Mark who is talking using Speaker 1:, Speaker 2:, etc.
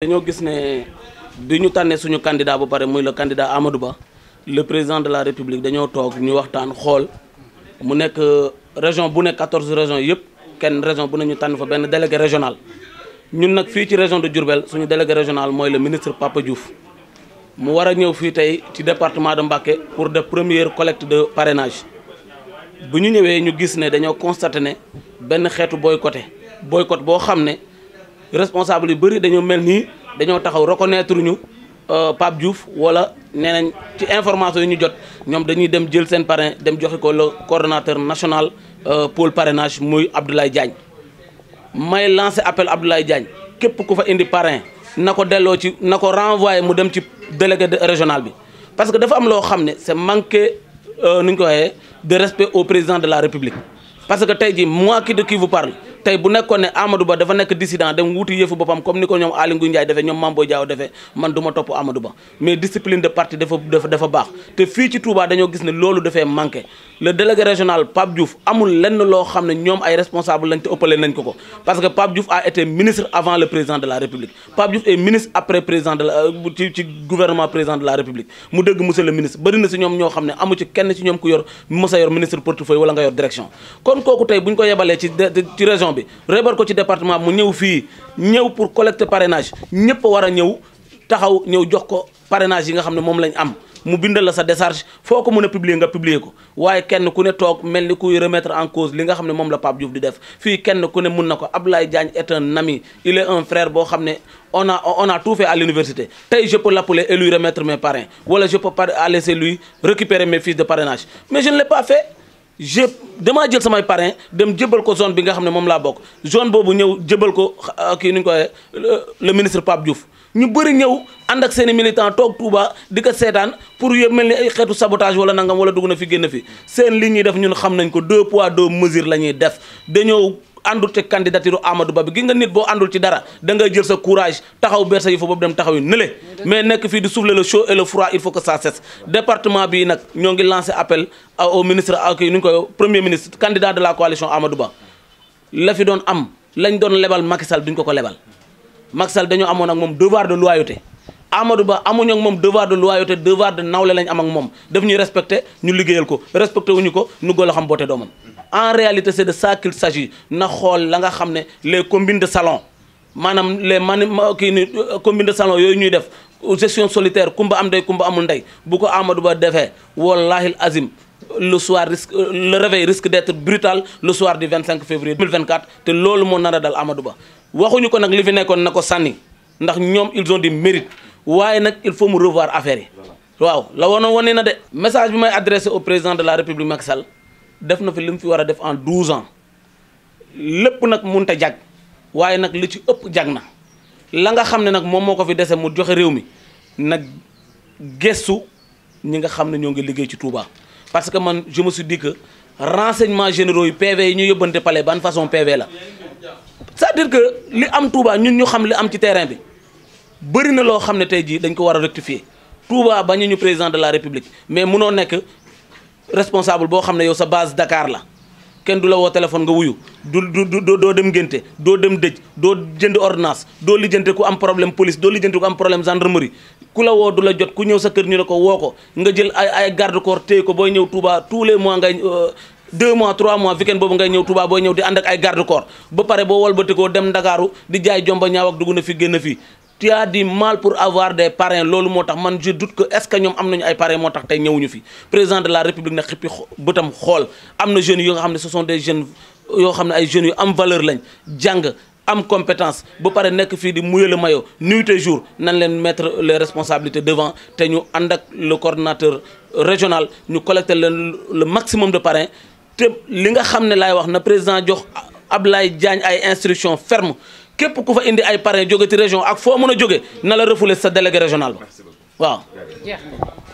Speaker 1: dañoo gis ne bi ñu tànnee suñu candidat ba pare muy le candidat Amadou Ba le président de la république dañoo toog ñu waxtaan xool mu nekk euh, région bu nekk quatorze régions yëpp kenn région bu ne ñu tànn fa benn délégué régional. ñun nag fii ci région de Diourbel suñu délégué régional mooy le ministre Papa Diouf mu war a ñëw fii tey ci département de Mbacké pour de première collecte de parrainage bu ñu ñëwee ñu gis ne dañoo constaté ne benn xeetu boycotté boycott boo xam ne. responsable yu bëri dañoo mel nii dañoo taxaw reconnaître ñu euh, Pape Diouf wala nee nañ ci information yi ñu jot ñoom dañuy dem jël seen parrain dem joxe ko le coordonnateur national euh, pôle parrainage muy Abdoulaye Diagne may lancé appel Abdoulaye Diagne képp ku fa indi parrain na ko delloo ci na ko renvoyé mu dem ci délégué régional bi parce que dafa am loo xam ne c'est manqué euh, nu ñu ko waxee de respect au président de la république parce que tey jii moi qui de qui vous parle tey bu nekkoon ne Amadou Ba dafa nekk dissident dem wuti yëfu boppam comme ni ko ñoom Aly Ngouille defee ñoom Mame Boye Diao defee man du topp Amadou Ba mais discipline de parti dafa baax te fii ci Touba dañoo gis ne loolu dafee manqué le délégué régional Pape Diouf amul lenn loo xam ne ñoom ay responsable lañ te ëppale nañ ko ko parce que Pape Diouf a été ministre avant le président de la République Pape Diouf est ministre après président de la euh, région bi rebar ko ci département mu ñëw fii ñëw pour collecter parrainage ñëpp war a ñëw taxaw ñëw jox ko parrainage yi nga xam ne moom lañ am mu bindal la sa décharge foo ko mën a publier nga publier ko waaye kenn ku ne toog mel ni kuy remettre en cause li nga xam ne moom la Pape Diouf di def fii kenn ku ne mun na ko Abdoulaye Diagne est un ami il est un frère boo xam ne on a on a tout fait à l'université tey je peux l'appeler et lui remettre mes parrains wala je peux j' damaa jël samay parrain dem jëbal ko zone bi nga xam ne moom laa bokk zone boobu ñëw jëbal ko ah, kii nu ñu ko waxee le ministre Pape Diouf ñu bëri ñëw ànd ak seen i militant toog Touba di ko seetaan pour yëpp mel ni ay xeetu sabotage wala nangam wala dugg na fi génn fi seen li ñuy def ñun xam nañ ko deux poids deux mesures la ñuy def dañoo. àndul te candidature amadu Ba bi gi nga nit boo àndul ci dara da ngay jël sa courage taxaw beer sa yëfu boobu dem taxaw yu mais nekk fii di souffler le chaud et le froid il faut que ça cesse département bii nag ñoo ngi lancé appel au ministre ak nu ñu koy premier ministre candidat de la coalition Amadou Ba la fi doon am lañ doon lebal Macky Sall duñ ko ko lebal Macky Sall dañoo amoon ak moom devoir de loyauté Amadou Ba amuñu moom devoir de loyauté devoir de nawle lañ am moom daf ñuy respecté ñu liggéeyal ko respecté wuñu ko nu golo xam boote doomam en réalité c'est de ça qu'il xool la nga xam ne les combines de salon maanaam les mani kii ni euh, de salon yooyu ñuy def gestion solitaire kumba am day kumba amul ndey bu ko Amadou Ba defee wallahi azim le soir risque le réveil risque d'être brutal le soir du 25 février 2024 te loolu moo nar a dal Amadou Ba waxuñu ko nag li fi nekkoon na ko sànni ndax ñoom il ont du mérite waaye nag il faut mu revoir affaire yi waaw la woon wane na de message bi may adressé au président de la république Macky Sall def na fi li mu fi war a def en 12 ans lépp nag munta jag waaye nag li ci ëpp jag na la nga xam ne nag moom moo ko fi dese mu joxe réew mi nag gëstu ñi nga xam ne ñoo ngi liggéey ci Touba parce que man je me suis dit que renseignements généraux yi PV yi ñu yóbbante pale ban façon PV la cest dire que li am Touba ñun ñu xam li am ci terrain bi bëri na loo xam ne tey jii dañ ko war a rectifier Touba bañu ñu président de la République mais munoo nekk responsable boo xam ne yow sa base Dakar la kenn du la woo téléphone nga wuyu du du doo dem ngénte doo dem dëj doo jënd ordonnance doo lijjante ku am problème police doo lijjante ku am problème gendarmerie ku la woo du la jot ku ñëw sa kër ñu ne ko woo ko nga jël ay ay garde corps téye ko booy ñëw Touba tous les mois ngay euh, deux mois trois mois weekend boobu ngay ñëw Touba booy ñëw di ànd ak ay garde ba pare boo walbatikoo dem Ndakaaru di jaay jomba ñaaw ak dugg na fi génna fii tu as mal pour avoir des parrains loolu moo tax man je doute que est-ce que ñoom am nañu ay parrains moo tax tey ñëwuñu fi président de la république na xippi bëtam xool am na jeunes yoo nga xam ne ce sont des jeunes yoo xam ne ay jeunes yu am valeur lañ jàng am compétence ba pare nekk fii di mouiller le maillot nuit et jour nañ leen mettre les responsabilités devant te ñu ànd ak le coordonnateur régional ñu collecter leen le maximum de parrains te li nga xam ne laay wax na président jox Ablaye Diagne ay instructions fermes képp ku fa indi ay parrain jóge ci région ak foo mën a jóge na la refoulé sa délégué régional ba waaw